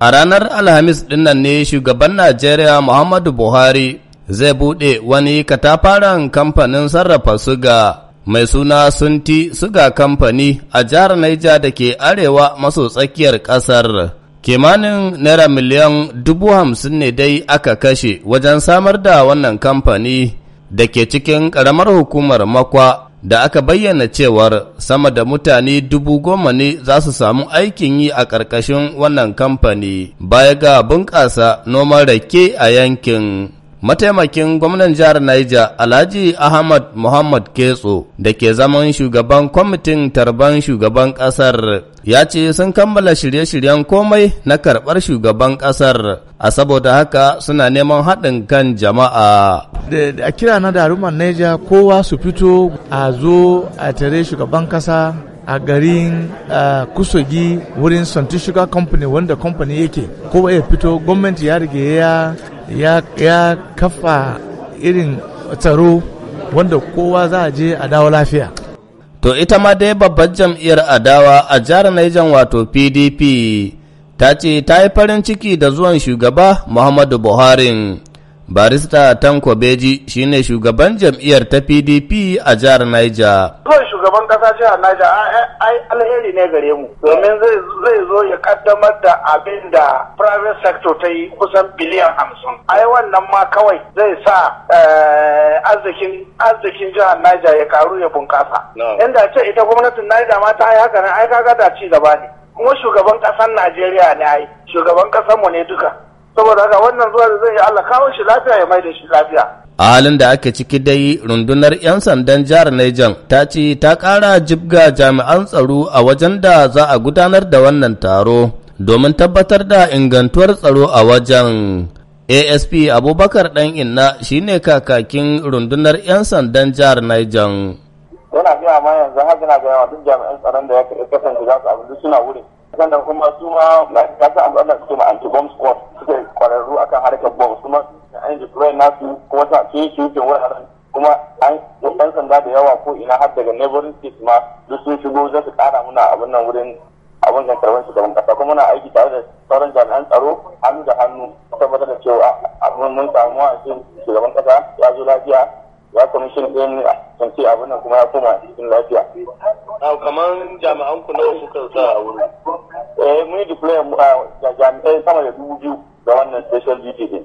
A ranar Alhamis dinnan ne shugaban Najeriya Muhammadu Buhari zai buɗe wani katafaren kamfanin sarrafa suga mai suna Sunti Suga Kamfani a jihar Naija da ke arewa maso tsakiyar ƙasar. Kimanin Naira miliyan dubu hamsin ne dai aka kashe wajen samar da wannan kamfani da ke cikin ƙaramar hukumar makwa da aka bayyana cewar sama da mutane dubu goma ne za su samu aikin yi a ƙarƙashin wannan kamfani baya ga bunƙasa noman rake a yankin. Mataimakin gwamnan jihar Niger Alhaji Ahmad Muhammad Ketso da ke zaman shugaban kwamitin tarban shugaban ƙasar ya ce sun kammala shirye-shiryen komai na karɓar shugaban ƙasar, a saboda haka suna neman haɗin kan jama'a. a kira na daruman neja kowa su fito a zo a tare shugaban kasa a garin kusogi wurin santi sugar company wanda company yake kowa ya fito gwamnati ya rige ya kafa irin tsaro wanda kowa za a je a dawo lafiya to ita ma dai babbar jam'iyyar adawa a jihar Niger wato PDP ta ce ta yi farin ciki da zuwan shugaba Muhammadu Buhari Barista Tanko Beji shi ne shugaban jam'iyyar ta PDP a jihar Niger. Kawai shugaban kasa jihar Niger ai alheri ne gare mu domin zai zo ya kaddamar da abin da private sector ta yi kusan biliyan hamsin. Ai wannan ma kawai zai sa eh, arzikin arzikin jihar Niger ya karu ya bunkasa. Inda ce ita gwamnatin Niger ma ta yi haka nan ai kaga da ci gaba ne. Kuma shugaban kasan Najeriya ne ai shugaban ƙasar mu ne duka. saboda haka wannan zuwa da zai yi Allah kawo shi lafiya ya mai da shi lafiya a halin da ake ciki dai rundunar 'yan sandan jihar Niger ta ce ta ƙara jibga jami'an tsaro a wajen da za a gudanar da wannan taro domin tabbatar da ingantuwar tsaro a wajen ASP Abubakar ɗan inna ne kakakin rundunar 'yan sandan jihar Niger. Yana gaya ma yanzu haka na gaya wa duk jami'an tsaron da ya kasance za su abinci suna wurin. Sannan kuma su ma na kasa an da su ma anti-bomb squad masa shi shi yake wuraren kuma an ɗan sanda da yawa ko ina har daga neighboring states ma duk sun shigo za su ƙara muna abin nan wurin abin karɓar karban gaban ƙasa kuma muna aiki tare da sauran jami'an tsaro hannu da hannu tabbatar da cewa abin mun samu a cikin shugaban ƙasa ya zo lafiya ya kwamishin ɗin ce abin nan kuma ya koma cikin lafiya. kamar jami'an ku nawa kuka sa a wuri. eh mun yi deploy ah, jami'ai sama da dubu biyu da wannan special duty din.